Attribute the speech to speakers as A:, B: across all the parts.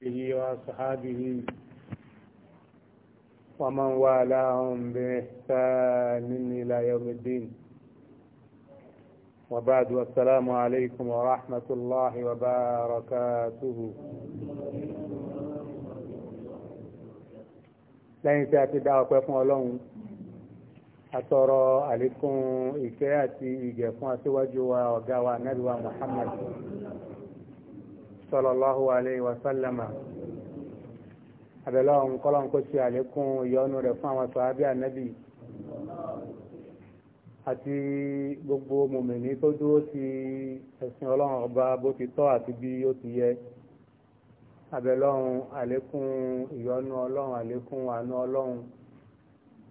A: به وأصحابه ومن والاهم بإحسان إلى يوم الدين وبعد والسلام عليكم ورحمة الله وبركاته lẹ́yìn tí a ti dá ọpẹ́ fún ọlọ́run atọrọ àlékún ìkẹ́ àti ìgẹ̀ fún aṣíwájú wa ọ̀gá wa nábì Muhammad sallallahu alayhi wa sallama àbẹ̀lọ́ ọ̀hún kọ́lọ́n kó ṣe àlékún ìyọ́nú rẹ̀ fún àwọn sọ̀hábí ànábì àti gbogbo mòmìnì tó dúró ti ẹ̀sìn ọlọ́run ọba bó ti tọ́ àti bí ó ti yẹ àbẹ̀lọ́ ọ̀hún àlékún ìyọ́nú ọlọ́run àlékún àánú ọlọ́run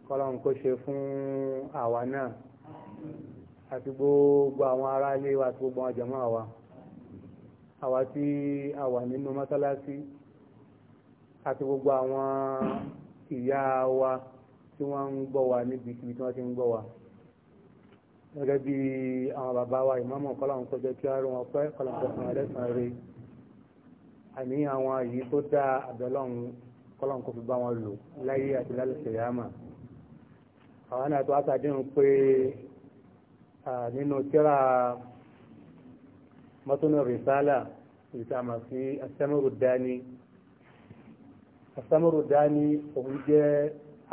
A: kọ́lọ́n kó ṣe fún àwa náà àti gbogbo àwọn aráalé wa àti gbogbo àwọn jàmáà àwa tí a wà nínú mọ́sálásí àti gbogbo àwọn ìyá wa tí wọ́n ń gbọ́ wa níbi ibi tí wọ́n ti ń gbọ́ wa gẹ́gẹ́ bí àwọn bàbá wa ìmáàmù kọ́láwọn kọjọ kí á rí wọn pẹ́ kọ́láwọn kọjọ fún ẹlẹ́sàn rẹ̀ àní àwọn èyí tó dá àbẹ̀lọ́hún kọ́láwọn kò fi bá wọn lò láyé àti lálẹ́sẹ̀ yàmà àwọn náà tó sàdéhùn pé nínú tíra mọ́tònà rìsálà ìtàmà sí asámọ́rò dání asámọ́rò dání òun jẹ́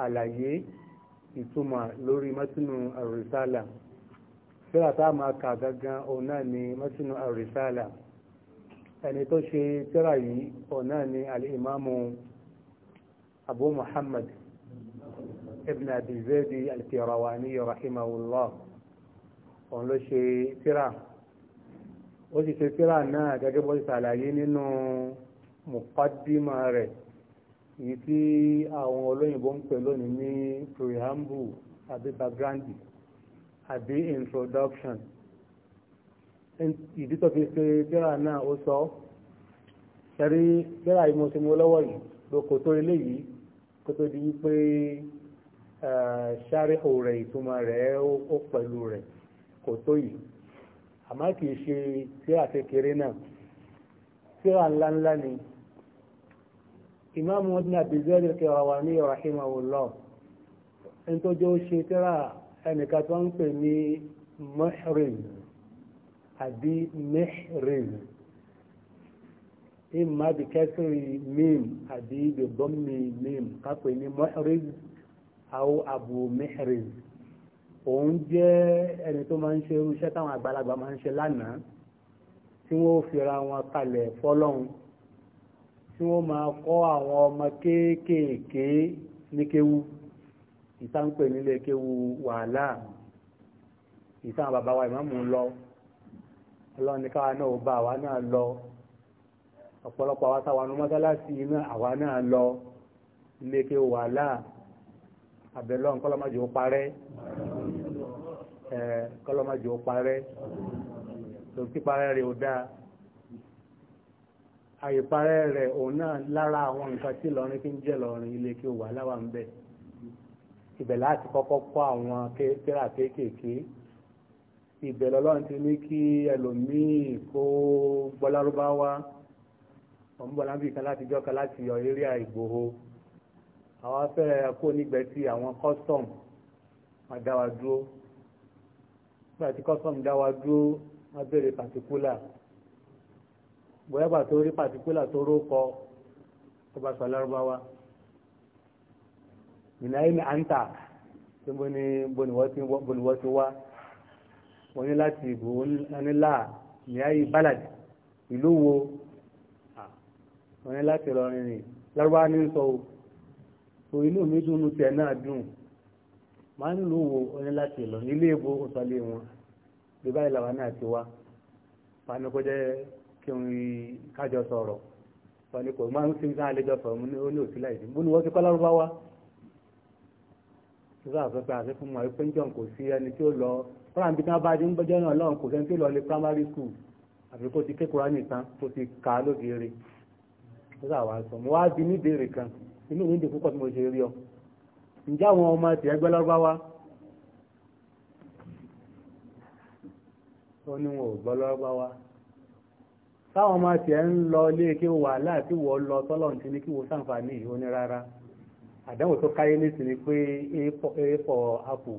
A: àlàyé ìtumọ̀ lórí mọ́tònà rìsálà síra tá a máa kà gangan òun náà ni mọ́tònà rìsálà ẹni tó ṣe tíra yìí òun náà ni alìmáàmù abu muhammad ibn abi zayd al-Qayrawani rahimahullah òun ló ṣe tíra yìí ó sì ṣe síra náà gẹ́gẹ́ bó ti ṣàlàyé nínú mùkọ́dímà rẹ̀ èyí tí àwọn olóyìnbó ń pè lónìí ní preamble àbí background àbí introduction ìdí tó fi ṣe síra náà ó sọ ṣẹ́rí síra yìí mo ṣe mo lọ́wọ́ yìí lóko tó ilé yìí kó tó di wípé ṣáríhù eh, rẹ̀ ìtumọ̀ rẹ̀ ó pẹ̀lú rẹ̀ kò tó yìí àmọ́ kì í ṣe tíra kékeré náà tíra ńláńlá ni ìmáàmù ọdún àbíjẹ́rì Qayrawani rahimahullah ẹni tó jẹ́ ó ṣe tíra ẹnìkan tó ń pè ní Muhrim àbí Mihrim ìmá bí kẹsìrì mím àbí bí bọ́mì mím kápẹ́ ní Muhrim àwọn Abu Mihrim òun jẹ́ ẹni tó máa ń ṣe irú iṣẹ́ táwọn àgbàlagbà máa ń ṣe lánàá tí wọ́n fi ra wọn kalẹ̀ fọ́lọ́hun tí wọ́n máa kọ́ àwọn ọmọ kéékèèké ní kéwú ìsáǹpẹ̀ nílé kéwú wàhálà ìsáǹ bàbá wa ìmáàmù lọ ọlọ́ni káwa náà ó bá àwa náà lọ ọ̀pọ̀lọpọ̀ àwa táwa nu mọ́sálásí iná àwa náà lọ ilé kéwú wàhálà àbẹ̀lọ́ nǹkan parẹ́ kọlọ́mọdé ó parẹ́ tó ti parẹ́ rẹ̀ ó dáa àyíparẹ́ rẹ̀ òun náà lára àwọn nǹkan tí lọrin fi ń jẹ́ lọrin ilé kí ó wà láwà ń bẹ̀ ibẹ̀ láti kọ́kọ́ kọ́ àwọn kéèrà kéékèèké ibẹ̀ lọ́lọ́run ti ní kí ẹlòmíì kó gbọ́lárúbáwá ọmọbọ̀lábì kan láti jọ́ka láti yọ eré ìgbòho àwọn afẹ́rẹ́ kó nígbẹ́ sí àwọn custom wọn dá wa dúró nígbà tí custom dá wa dúró wọ́n béèrè particular bóyá gbà tó rí particular tó rókọ tó bá sọ lárúbáwá ìnáyé ní àǹtà tí mo ní boniwọ́ ti wá mo ní láti ìbò nílá ìnáyé bálàdì ìlú wo mo ní láti lọ rìnrìn lárúbáwá ní sọ o so inú mi dùn tiẹ̀ náà dùn máa ń lò wò oní láti lọ nílé ìbò òsàlẹ̀ wọn bí báyìí làwọn náà ti wá ni kó jẹ́ kí n rí kájọ sọ̀rọ̀ fani kò máa ń sin sáà lẹ́jọ́ sọ̀rọ̀ mú ní ó ní òsílà ìdí mú ni wọ́n ti kọ́ lárúbá wá ìgbà àfẹ́fẹ́ àti fún wọn pé ń jọ kò sí ẹni tí ó lọ fúnra bí wọ́n bá dé ń bọ́jọ́ náà lọ́run kò sẹ́ni tí ó lọ lé primary school àfi kó ti kékeré nìkan tó ti kà á lóde eré nígbà wàá sọ mo wá bí níbèrè kan inú mi ń dè púpọ̀ tí mo ṣe rí ọ ǹjẹ́ àwọn ọmọ ti ẹgbẹ́ lọ́rọ́báwá ó ní wọn ò gbọ́ lọ́rọ́báwá táwọn ọmọ ti ẹ ń lọ ilé kí wà láti wọ́ lọ tọ́lọ̀ ti ní kí wọ́n sàǹfààní yìí ní rárá àdánwò tó káyé nísìn ni pé a for apple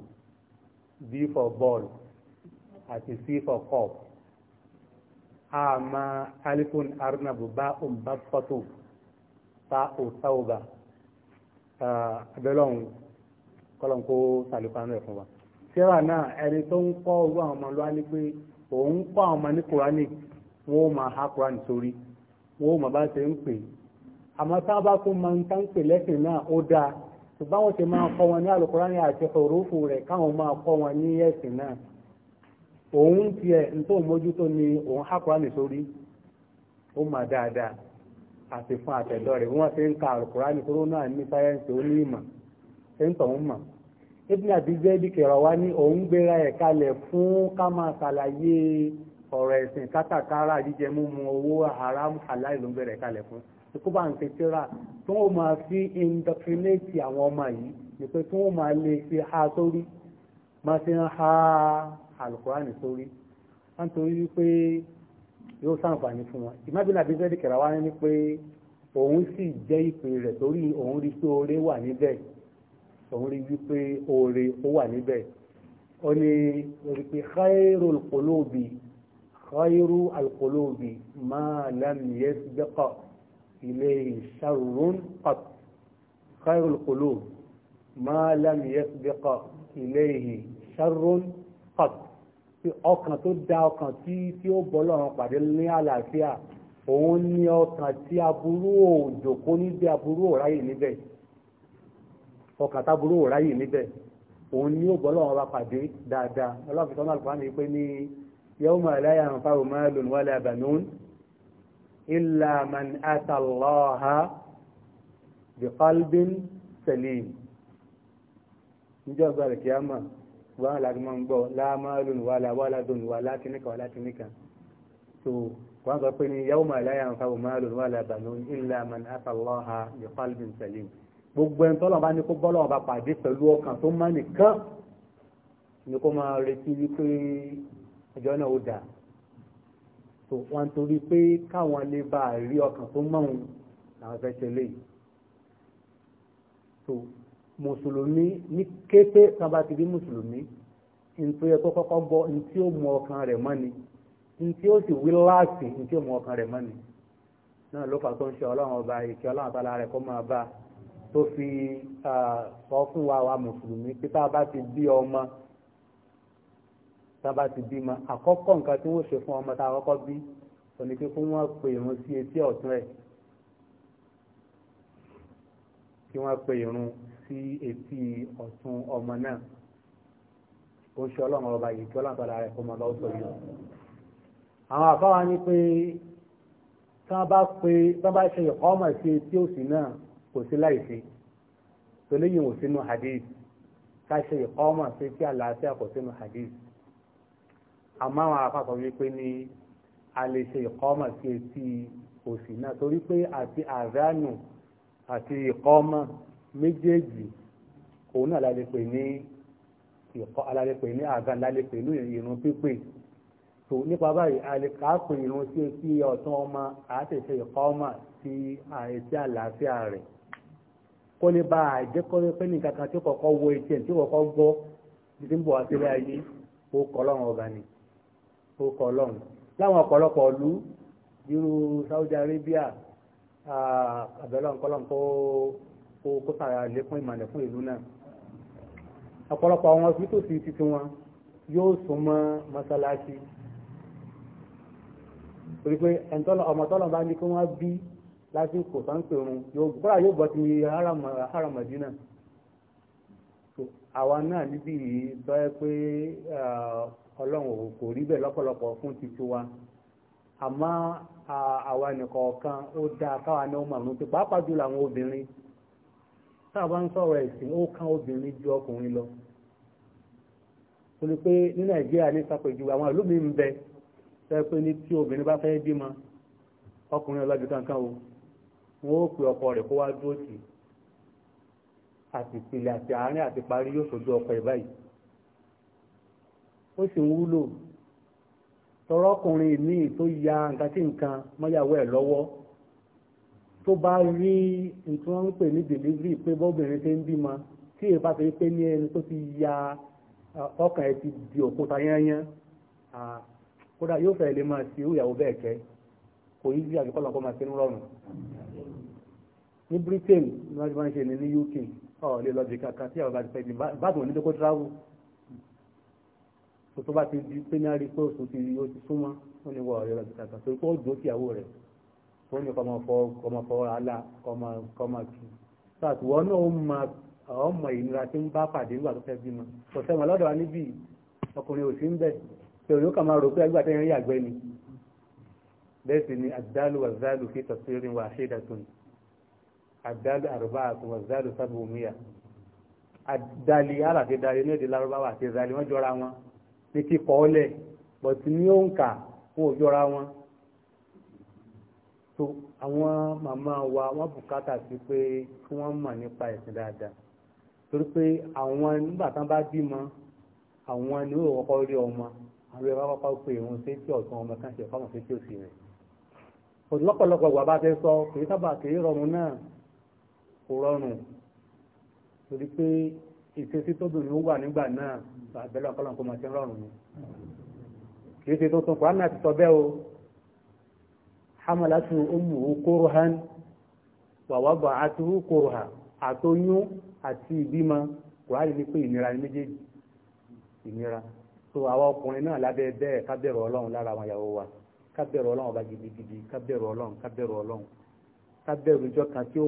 A: b for ball àti c for cup a máa alifun arnabu bá òun bá fọ́tò ta ò sáwọ́ bá. abẹ́lọ́hún kọ́lọ́n kó sàlékánú ẹ̀ fún wa síra náà ẹni tó ń kọ́ orú àwọn ní pé òun àwọn ọmọ ní kùránì wọ́n ha kùránì sórí wọ́n ó máa bá ṣe ń pè àmọ́ a ma ń tá pè lẹ́sìn náà ó dáa ṣùgbọ́n wọ́n ti máa kọ́ wọn ní àlùkùránì àti òrófù rẹ̀ káwọn máa kọ́ wọn ní ẹ̀sìn náà òun tiẹ̀ ń ni àti fún àtẹ̀dọ́ rẹ̀ wọ́n ti ń ka àrùkùránì tó rọ́ náà ní sáyẹ́ǹsì ó ní ìmọ̀ ṣe ń tọ̀hún mọ̀ ibn abizadi kẹrọ wa ní òun gbéra ẹ̀ kalẹ̀ fún ká máa ṣàlàyé ọ̀rọ̀ ẹ̀sìn kátàkárà jíjẹ mímu owó haram halal ló ń gbéra ẹ̀ kalẹ̀ fún ikú bá ń ṣe tíra tí wọ́n máa fi indoctrinate àwọn ọmọ yìí ni pé tí wọ́n máa lè fi ha sórí máa fi ń ha àlùkùránì sórí wọ́n torí wípé yóò sàǹfààní fún wọn ìmábìlà abisẹ́dì kẹ̀rà wá ní pé òun sì jẹ́ ìpè rẹ̀ torí òun rí pé oore wà níbẹ̀ òun rí wípé oore ó wà níbẹ̀ ó ní orí pé khairu alqulubi khairu alqulubi ma lam yasbiqa ilayhi sharrun qat khairu alqulubi ma lam yasbiqa ilayhi sharrun qat ọkàn tó da ọkàn tí tí ó bọ́ lọ́rùn pàdé ní àlàáfíà òun ní ọkàn tí aburú òjòkó níbi aburú òráyè níbẹ̀ ọkàn táburú òráyè níbẹ̀ òun ní ó bọ́ lọ́rùn wa pàdé dáadáa ọlọ́run fi sọ́nà àlùfáà ní pé ní yawma la yanfa'u malun wala banun illa man ata Allaha biqalbin salim níjọ́ ìgbà rẹ̀ kìí wọ́n láti máa ń gbọ́ láàmàlùn wà láwàládùn wà láti níkà wà láti níkà so wọ́n sọ pé ní yàwó máa láyà ń fáwọn máàlùn wà lábàánú illa man afàlọ́ha ní qalbin salim gbogbo ẹni tọ́lọ̀ bá ní kó bọ́lọ̀ bá pàdé pẹ̀lú ọkàn tó má nìkan ni kó máa retí wípé ẹjọ́ náà ó dà so wọ́n torí pé káwọn lè bá rí ọkàn tó mọ̀hún làwọn fẹ́ ṣe mùsùlùmí ní kété tán bá ti rí mùsùlùmí nítorí ẹ̀kọ́ kọ́kọ́ gbọ́ ní tí ó mú ọkàn rẹ̀ mọ́ ni ní tí ó sì wí láàsì ní tí ó mú ọkàn rẹ̀ mọ́ ni náà ló fà tó ń ṣe ọlọ́run ọba ìkẹ́ ọlọ́run àtàlà rẹ̀ kó máa bá tó fi sọ fún wa wa mùsùlùmí pé tá a bá ti bí ọmọ tá a bá ti bí ma àkọ́kọ́ nǹkan tí wọ́n ṣe fún ọmọ tá a kọ́kọ́ bí òní pé fún wọn pè wọn sí etí ọ̀tún rẹ̀ kí wọ́n pe irun sí etí ọ̀tún ọmọ náà ó ṣe ọlọ́run ọba yìí kí ọlọ́run padà rẹ̀ kó mọ lọ́wọ́ sọ yìí àwọn àfáwa ní pé tí wọ́n bá pe tí wọ́n bá ṣe ìkọ́mọ̀ sí etí òsì náà kò sí láìsí tòléyìn ò sínú hadith ká ṣe ìkọ́mọ̀ sí etí àlàáfíà kò sínú hadith àmọ́ àwọn àpapọ̀ wípé ní a lè ṣe ìkọ́mọ̀ sí etí òsì náà torí pé àti àdánù àti ìkọ́mọ méjèèjì òun náà lálẹ́pẹ̀ ní ìkọ́ alálẹ́pẹ̀ ní àgá lálẹ́pẹ̀ ní ìrun pípé tó nípa báyìí alẹ́kàápẹ̀ ìrun sí etí ọ̀tún ọmọ àátẹ̀sẹ̀ ìkọ́mọ sí àìsí àlàáfíà rẹ̀ kó lè bá àjẹkọ́rẹ́ pé nìkan kan tí kọ̀kọ́ wo etí ẹ̀ tí kọ̀kọ́ gbọ́ títí ń bọ̀ wá sílẹ̀ ayé ó kọ́ ọlọ́run ọba ni ó kọ́ ọlọ́run láwọn ọ̀pọ̀lọpọ̀ ìlú irú Saudi Arabia àbẹ̀lọ́ nǹkan kó sàrà lékún ìmọ̀lẹ̀ fún ìlú náà ọ̀pọ̀lọpọ̀ àwọn ọ̀sìtò sí títí wọn yóò sún mọ́ mọ́sálásí torí pé ọmọ tọ́lọ̀ bá ní kí wọ́n bí lásìkò sáńpẹ̀ òun kọ́lá yóò bọ́ sí haramadina àwa náà níbi yìí bẹ́ẹ̀ pé ọlọ́run kò rí bẹ́ẹ̀ lọ́pọ̀lọpọ̀ fún títí wa àmọ́ àwa nìkọ̀ọ̀kan ó dáa káwa náà mọ̀ àwọn tó pàápàá jùlọ àwọn obìnrin táà bá ń sọ̀rọ̀ ẹ̀sìn ó kán obìnrin ju ọkùnrin lọ torí pé ní nàìjíríà ní sàpèjú àwọn ìlú mi ń bẹ sẹ́yìn pé ní tí obìnrin bá fẹ́ bímọ ọkùnrin ọlọ́dún kankan o wọn ó pe ọkọ rẹ̀ kó wá dúró tì àti ìpìlẹ̀ àti àárín àti parí yóò sojú ọkọ ẹ̀ báyìí ó sì ń wúlò tọrọkùnrin míì tó ya nǹkan tí nǹkan mọ́yàwó ẹ̀ lọ́wọ́ tó bá rí nǹkan wọ́n ń pè ní delivery pé bọ́bìnrin ti ń bímọ tí èèfà fi pé ní ẹni tó ti ya ọkàn ẹ̀ ti di òkúta yányán kódà yóò fẹ́ lè máa sí irú ìyàwó bẹ́ẹ̀ kẹ́ kò yí sí àgbékọ́ lọ́kọ́ máa ṣe ń rọrùn ní Britain ní wọ́n ti máa ń ṣe ní ní UK ọ̀ lè lọ bí kankan tí àwọn bá ti fẹ́ di báàbò onídókó travel tó tó bá ti di pé ní àrí pé oṣù ti o ti súnmọ́ ó ní wọ ọ̀rẹ́ rẹ̀ kàkà torí pé ó dùn kíyàwó rẹ̀ ó ní kọ́mọ fọ kọ́mọ fọ alá kọ́mọ kọ́mọ kì so àti wọ́n náà ó mọ ọmọ ìnira tí ń bá pàdé nígbà tó fẹ́ bímọ kò sẹ́wọ̀n lọ́dọ̀ wa níbí ọkùnrin òsì ń bẹ̀ pé òun kàn máa rò pé ẹgbẹ́ àtẹ́yìn rí àgbẹ́ ni bẹ́ẹ̀ sì ni àdálù wàzálù fi tọ̀sírin wà ṣe dàtún àdálù àrùbá àti wàzálù sábà òmíyà àdálì alàfi ní èdè lárúbáwà àti ìzálì wọ́n jọra wọn ní kíkọ́ ọ́lẹ̀ bọ̀tí ní òǹkà wọn ò jọra wọn so àwọn màmá wa wọ́n bùkátà sí pé kí wọ́n mọ̀ nípa ẹ̀sìn dáadáa torí pé àwọn nígbà tán bá bímọ àwọn ni ó kọ́kọ́ rí ọmọ àwọn ẹ̀rọ kọ́kọ́ pé òun ṣe tí ọ̀tún ọmọ kan ṣe fáwọn ṣe tí ò sí rẹ̀ lọ́pọ̀lọpọ̀ wà bá fẹ́ sọ kìí sábà kìí rọrùn náà kò rọrùn torí pé ìṣesí tóbìnrin ó wà nígbà náà àbẹ̀lẹ̀ ọ̀pọ̀lọpọ̀ kò mọ̀ sí rọrùn ni kìí ṣe tuntun kò ánà ti sọ bẹ́ẹ̀ o hamalatu umu kórohan wàwàgbà àtúrú kóroha àtóyún àti ìbímọ kò á ní pé ìnira ni méjèèjì ìnira so àwọn ọkùnrin náà lábẹ́ bẹ́ẹ̀ ká bẹ̀rù ọlọ́run lára àwọn ìyàwó wa ká bẹ̀rù ọlọ́run ọba gidigidi ká bẹ̀rù ọlọ́run ká bẹ̀rù ọlọ́run ká bẹ̀rù ìjọ kan tí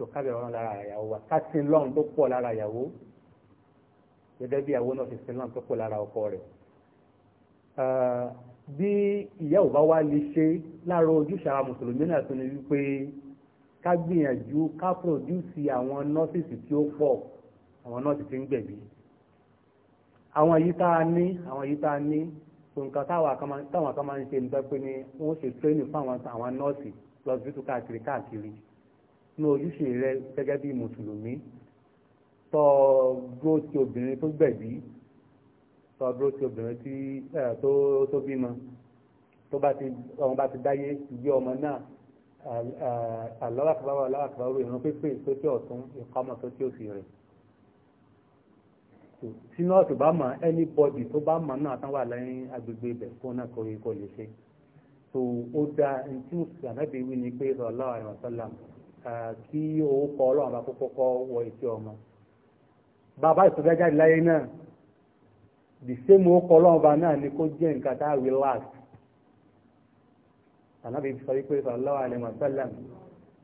A: tó kábẹ̀ ọ̀rọ̀ lára ìyàwó wa ká sin lọ́n tó pọ̀ lára ìyàwó gẹ́gẹ́ bí ìyàwó náà ti sin lọ́n tó pọ̀ lára ọkọ rẹ̀ bí ìyàwó bá wá lè ṣe láàárọ̀ ojúṣe ara mùsùlùmí náà tó ní wípé ká gbìyànjú ká pòdúsì àwọn nọ́ọ̀sì tí ó pọ̀ àwọn nọ́ọ̀sì tí ń gbẹ̀bí àwọn yìí tá a ní àwọn yìí tá a ní nǹkan táwọn kan máa ń ṣe nípa pé ni wọ́n ṣe tírénì fún àwọn nọ́ọ̀sì lọ sí káàkiri káàkiri ní ojúṣe rẹ gẹ́gẹ́ bí mùsùlùmí tọ́ dúró ti obìnrin tó gbẹ̀bí tọ́ dúró ti obìnrin tí tó bímọ tó bá ti ọmọ bá ti dáyé ìgbé ọmọ náà àlọ́wàkàbáwà àlọ́wàkàbáwà ìran pépè tó tí ọ̀tún ìkọ́mọ̀ tó tí òsì rẹ̀ tí nọ́ọ̀sì bá mọ̀ anybody tó bá mọ̀ náà tán wà lẹ́yìn agbègbè ibẹ̀ fún náà kò lè ṣe so ó dá ẹni tí mùsùlùmí àbẹ́bí wí ni pé sallallahu alaihi kí owó kọ ọlọ́run bá kókó kọ́ wọ etí ọmọ bàbá ìsọjá jáde láyé náà the same owó kọ ọlọ́run bá náà ni kó jẹ́ nǹkan tá a relax ànábì sọ wípé sallallahu alaihi wasallam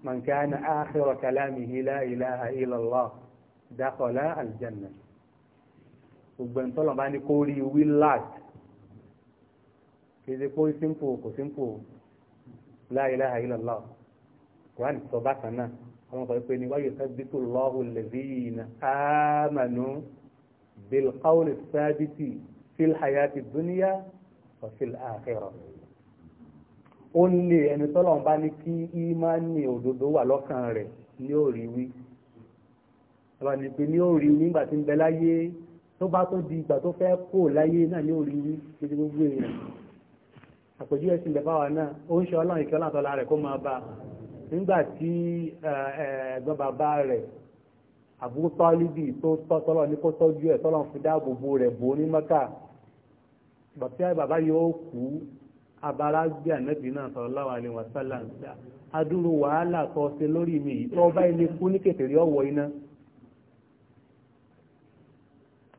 A: man kana akhira kalamihi la ilaha illallah dakhala aljanna gbogbo ìtọ́lọ̀ bá ní kó rí wí last kì ṣe kó simple kò simple la ilaha illallah kùránì sọ bákan náà àwọn ọkọ̀ ìpè ní wáyé sábìtì lọ́hùn lẹ́bíyìn ámànú bilkawul sábìtì filhayati dúníyà ọ̀fil àkẹrọ. ó lè ẹni tọ́lọ̀ ń bá ní kí ìmánì òdodo wà lọ́kàn rẹ̀ ní òrí wí. ọba ní pé ní òrí wí nígbà tí ń bẹ láyé tó bá tó di ìgbà tó fẹ́ kó láyé náà ní òrí wí títí gbogbo èèyàn. àpèjúwe sí ìbẹ̀fà wa náà ó ń ṣe ọlọ́run ìkẹ́ ọlọ́run àtọ́lá rẹ̀ kó máa bá a. nígbà ẹ̀gbọ́n bàbá rẹ̀ Abu Talibi tó tọ́tọ́lọ́ ní kó tọ́jú ẹ̀ fi rẹ̀ bò ní bàtí bàbá yóò kú abara gbé ànábì náà sallallahu alaihi adúrú wàhálà mi yìí tó bá ilé kú ní kèfèrè ọ̀wọ́ iná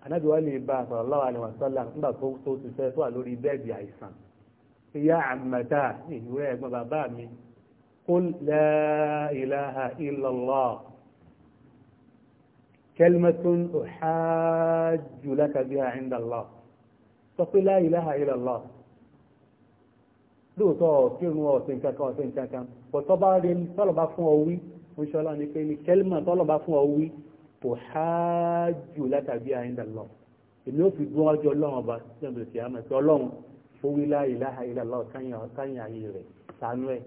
A: ànábì wà lè bá sallallahu alaihi wasallam nígbà tó ti fẹ́ tó wà lórí bẹ́ẹ̀dì àìsàn قل لا إله إلا الله كلمة أحاج لك بها عند الله تقول لا إله إلا الله lóòótọ́ kírun ọ̀sìn kankan ọ̀sìn kankan pọ̀ tọ́bá rí tọ́lọ̀bá fún ọ wí oṣọ́lá ní pé ní kẹ́lìmọ̀ tọ́lọ̀bá fún ọ wí kò háájù látàbí àyíndà lọ èmi ò fi gún ọjọ́ ọlọ́run ọba jẹ́bẹ̀rẹ̀ sí àmọ́ sí ọlọ́run ó wí la ilaha illallah káyìn ayé rẹ̀ sánú ẹ̀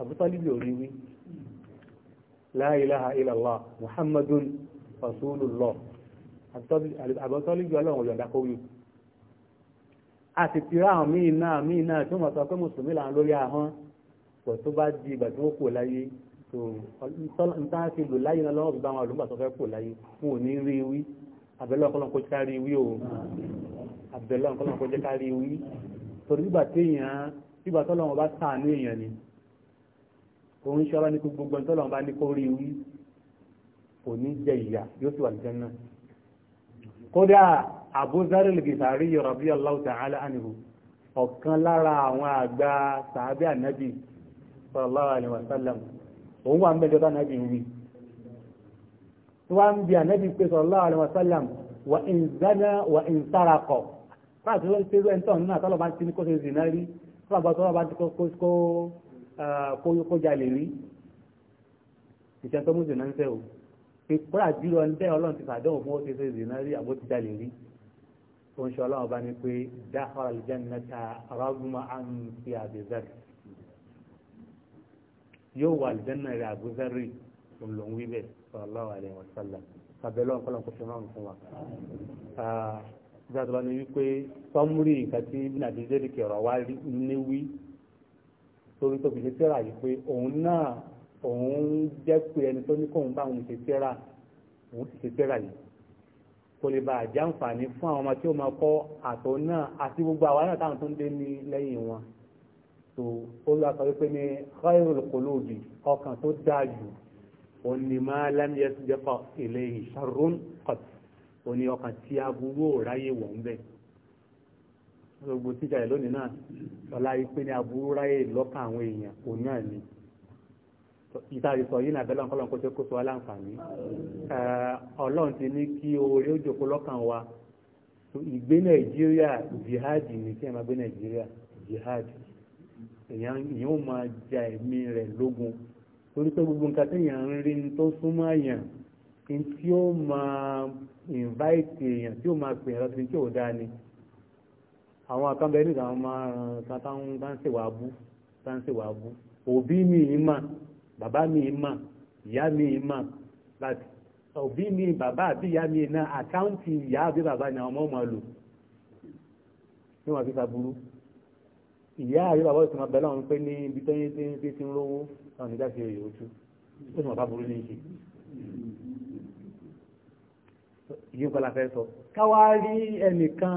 A: àbútálíbì ò rí wí la ilaha illallah muhammadun rasulullah àbútálíbì ọlọ́run ọ̀yọ̀ǹda kó wí àti tìrá àwọn míì náà míì náà tí wọ́n mọ̀ sọ pé mùsùlùmí là ń lórí ahọ́n pọ̀ tó bá di ìgbà tí wọ́n kò láyé tó nǹkan ti lò láyé náà lọ́wọ́ bá wọn àlùmọ́ àti ọ̀fẹ́ kò láyé wọn ò ní rí wí àbẹ̀lẹ́ ọ̀kọ́lọ́ kó ká rí wí o àbẹ̀lẹ́ ọ̀kọ́lọ́ kó ká rí wí torí ìgbà téèyàn ìgbà tọ́lọ́wọ́n bá sàánú èèyàn ni òun ṣọ́rọ́ ní gbogbo ǹtọ́ lọ́nà bá ní kó rí wí kò ní jẹ ìyà yóò sì wà ní jẹ́nà kódà Abu Zarr al-Ghifari radiyallahu ta'ala anhu ọ̀kan lára àwọn àgbà sàábì ànábì sallallahu alaihi wasallam òun wà ń bẹ́jọ́ tó ànábì ń wí tí wọ́n ń bi ànábì pé sallallahu alaihi wasallam wa in zana wa ń ṣe ẹ̀ńtọ́ nínú àtọ́lọ́ kójá lè rí ìṣẹ́ tó mú zìnà ń fẹ́ o pé kúrà jùlọ ń bẹ́ ọlọ́run ti fàdánwò fún ó ti ṣe zìnà rí àbó ti já lè rí tó ń ṣe ọlọ́run bá ní pé dáhọ́rọ̀ aljannata rọ́gbùmọ̀ àmì àbẹ̀zẹ̀rì yóò wà aljanna rẹ̀ àbúzẹ́rì òǹlòǹwí bẹ̀ sallallahu alaihi wasallam àbẹ̀lọ́ ọ̀pọ̀lọpọ̀ kò fi rọrùn fún torí tó fi ṣe tíra yìí pé òun náà òun jẹ́ pé ẹni tó ní kóun bá òun ṣe tíra òun sì ṣe tíra yìí kò lè ba àjàǹfààní fún àwọn ọmọ tí ó máa kọ́ àtọ̀ náà àti gbogbo àwa náà táwọn tó ń dé ní lẹ́yìn wọn tó olúwa sọ wípé ní khairul qulubi ọkàn tó dáa jù òun ni ma lam yasbiqa ilayhi sharrun qat òun ni ọkàn tí aburú ò ráyè wọ̀ ń bẹ́ẹ̀. gbogbo tíjà ẹ̀ lónìí náà ọ̀la ipe ni aburú ráyè lọ́kàn àwọn èèyàn òun náà ni na yìí nàbẹ́lá ọ̀kọ́lọ́n kó tó kó sọ wá láǹfààní ọlọ́run ti ní kí oore ó jòkó lọ́kàn wa ìgbé nàìjíríà jihad ní kí ẹ máa gbé nàìjíríà jihad èèyàn ò máa ja ẹ̀mí rẹ̀ lógun torí pé gbogbo nǹkan téèyàn ń rí tó súnmọ́ èèyàn tí ó máa invite èèyàn tí ó máa pè é lọ sí tí ò àwọn àkànbẹ nígbà wọn máa ràn kátàún bá ń ṣèwà abú bá ń ṣèwà abú òbí mi mà bàbá mi mà ìyá mi mà òbí mi bàbá àbí ìyá mi náà àkáǹtì ìyá àbí bàbá ni àwọn ọmọ ọmọ lò ní wọn fi sàbúrú ìyá àbí bàbá ìsìn máa bẹ̀rẹ̀ àwọn pé ní ibi tó yín tí ti ń rówó àwọn ìdá fi èrè ojú ní ìṣe ìyí nǹkan la fẹ́ sọ káwá rí ẹnìkan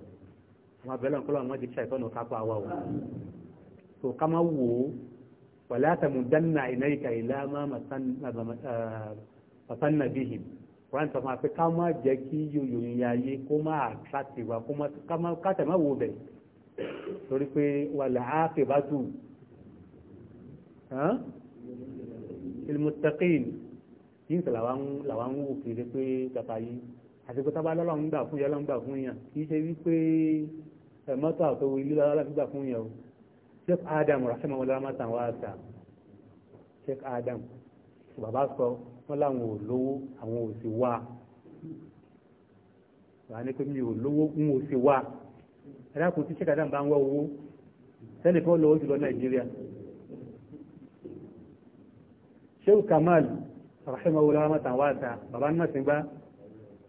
A: àwọn abẹ́lẹ̀ ń kọ́ lọ́wọ́ ti ṣàìtọ́ ní kápá wa o tó ká má wò ó wàlẹ́ àtàmù dánà iná ìka ìlà máa màtánà bíhì wọ́n ti sọ fún wa pé ká má jẹ́ kí yòyò yìnyín ayé kó má àtàtì wa kó má kátà má wò bẹ̀ torí pé wàlẹ́ àáfẹ́ bá tù ilmùtẹ́kìn yìí làwọn ń wò kiri pé kàkà yìí àti pé tábà lọ́lọ́ ń gbà fún yẹn ń gbà fún yẹn kì í ṣe wípé mọ́tò àtọwò ilé lára gbígbà fún yẹn o Sheikh Adam rahman wọlé ramata wá sà Sheikh Adam bàbá sọ wọn làwọn ò lówó àwọn ò sì wá wà ní pé mi ò lówó ń ò sì wá ẹ̀dàkùn tí Sheikh Adam bá ń wá owó sẹ́ni fọ́ lọ́wọ́ jùlọ Nàìjíríà Sheikh Kamal rahman wọlé ramata wá sà bàbá ní màsínbá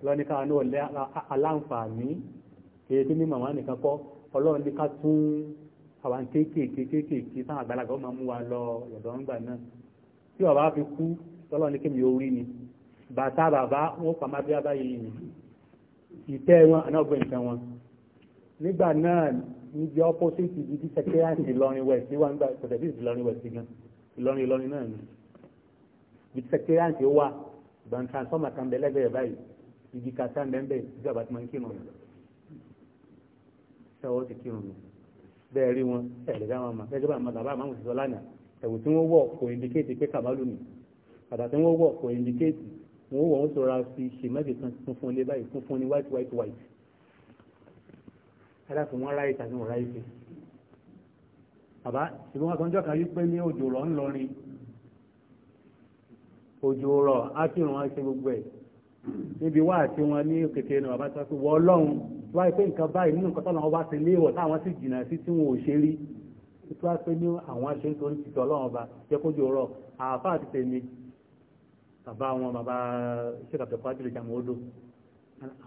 A: lọ́ní káwọn náà lẹ́ aláǹfààní kéèké ní màmá nìkan kọ́ ọlọ́run ní ká tún àwọn kéékèèké kéékèèké táwọn àgbàlagbà máa mú wa lọ ọ̀dọ̀ ńgbà náà tí bàbá fi kú ọlọ́run ní kémi orí ni bàtà bàbá wọn pàmò abíyá báyìí ni ìtẹ́ wọn anábọ̀ nǹkan wọn nígbà náà níbi opposite ibi tí sẹkẹ́yàtì Ìlọrin west ní wọn gbà kọ̀tẹ̀ bí Ìlọrin west gan Ìlọrin Ìlọrin náà ni ibi tí sẹkẹ́yàtì wà ìgbà transformer kan bẹ lẹ́gbẹ̀ẹ́ báyìí igi kàtà ń bẹ́ẹ̀ bẹ́ẹ̀ ìjọba ti máa ń kírun tẹ́wọ́ ti kírun nù bẹ́ẹ̀ rí wọn ẹ̀rẹ̀ dá wọn mà gẹ́gẹ́ bá àmàlà bá àmàlà sọ lánàá ẹ̀wù tí wọ́n wọ̀ kò indikéètì pé kàbálù nì bàtà tí wọ́n wọ̀ kò indikéètì wọ́n wọ̀ wọ́n sọra fi ṣe mẹ́jọ kan funfun lé báyìí funfun ní white white white adáfẹ́ wọn ráyè tàbí wọn ráyè pé bàbá ìbí wọn kọjọ́ kan wípé ní òjò rọ̀ ńlọrin òjò rọ̀ á kírun wọn ṣe gbogbo ẹ̀ níbi wá àti wọn ní kékeré náà bàbá sọ pé wọ́n ọlọ́run wá pé nǹkan báyìí nínú nǹkan tọ́lọ́wọ́ bá ti léèwọ̀ táwọn sì jìnnà sí tí wọn ò ṣe rí tó wá pé ní àwọn aṣe ń torí títọ́ ọlọ́run ọba jẹ́ kó jò rọ àáfáà ti tèmi bàbá wọn bàbá ṣèkàtọ̀ fájìlì jàmọ́ odò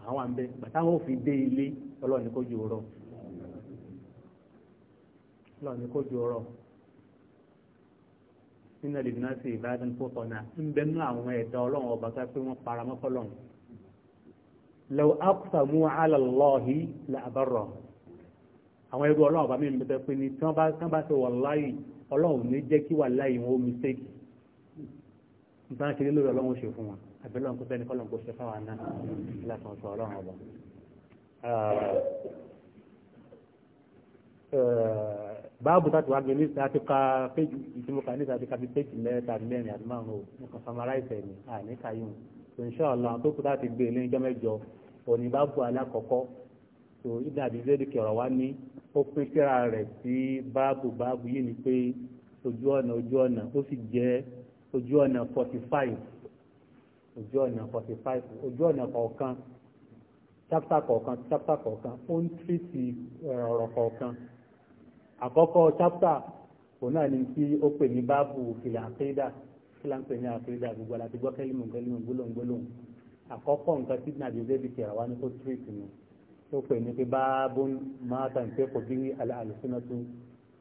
A: àwọn àmbẹ bàtà wọn ò fi dé ilé ọlọ́run ní kó jò rọ ọlọ́run ní kó jò rọ nínú ẹ̀lẹ́dínásì ìbáradẹ́ni fọ́tọ̀ náà ń bẹ́nu àwọn ẹ̀dá ọlọ́run ọba tó law aqsamu ala Allahi la abarra àwọn ẹrú ọlọ́run bá mi ń bẹ pé ní tí wọ́n bá tí wọ́n bá ṣe wàláyì ọlọ́run ní jẹ́ kí wàláyì wọn ó mistake nígbà tí lórí ọlọ́run ṣe fún wọn àbí ọlọ́run kó sẹ́ni kọ́lọ́run kó ṣe fáwọn náà láti wọn sọ ọlọ́run ọba. báàbù tá a gbé ní àti ka péjì ìtumọ̀ ní àti ka péjì mẹ́ta mẹ́rin àti márùn-ún nǹkan samaráìsẹ̀ ni àníkàyọ̀ inshallah tó kú láti gbé ilé ìjọ mẹ́jọ òní bá bu alákọ̀ọ́kọ́ tó ibn abi zaidi kẹrọ wá ní ó pín síra rẹ̀ sí báàbù báàbù yìí ni pé ojú ọ̀nà ojú ọ̀nà ó sì jẹ́ ojú ọ̀nà forty five ojú ọ̀nà forty five ojú ọ̀nà kọ̀ọ̀kan chapter kọ̀ọ̀kan chapter kọ̀ọ̀kan ó ń tírìtì eh, ọ̀rọ̀ kọ̀ọ̀kan àkọ́kọ́ chapter òun náà ni tí ó pè ní báàbù fil kí la ń pè ní àkídà gbogbo àti gbọ́ kẹ́lí mọ̀ kẹ́lí mọ̀ gbólóhùn gbólóhùn àkọ́kọ́ nǹkan tí nàbí ọdẹ bìí tẹ̀rẹ̀ wá ní kó tírìtì ni ó pè ní pé báábó máa tàn pé kò bí àlùsínà tún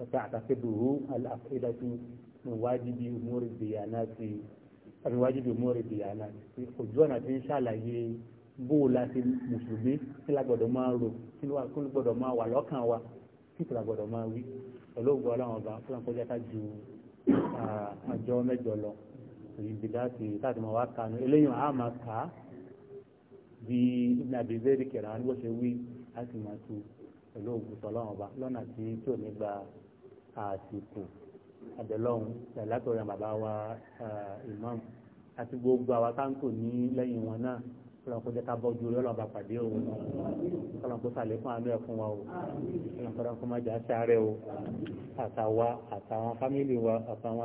A: ọ̀tá àtàkì dùrú àkídà tún níwájú bí mórí bìyànà ti àríwájú bí mórí bìyànà ti ojú ọ̀nà tí ń ṣàlàyé bó o láti mùsùlùmí kí la gbọ́dọ̀ máa rò kí ló gbọ́dọ̀ máa wà lọ́kàn wa kí la gbọ́dọ̀ máa wí pẹ̀lú ọlọ́run ọba fúlàǹkọ́jà ká ju ah, àjọ mẹ́jọ lọ ibi láti láti mọ̀ wá kanu eléyìí wọn á máa kà á bí ibi àbíbẹ́rì kẹrẹ àwọn bó ṣe wí láti máa tu pẹ̀lú ògùn tọ́lọ́run ọba wa imam àti gbogbo àwa táǹkò ní lẹ́yìn wọn náà kọlọ̀ kó jẹ́ ká bọ́jú rẹ̀ ọlọ́ba pàdé o kọlọ̀ kó sàlékún àánú ẹ̀ fún wa o kọlọ̀ kó má jà sáré o àtàwa àtàwọn fámìlì wa àtàwọn.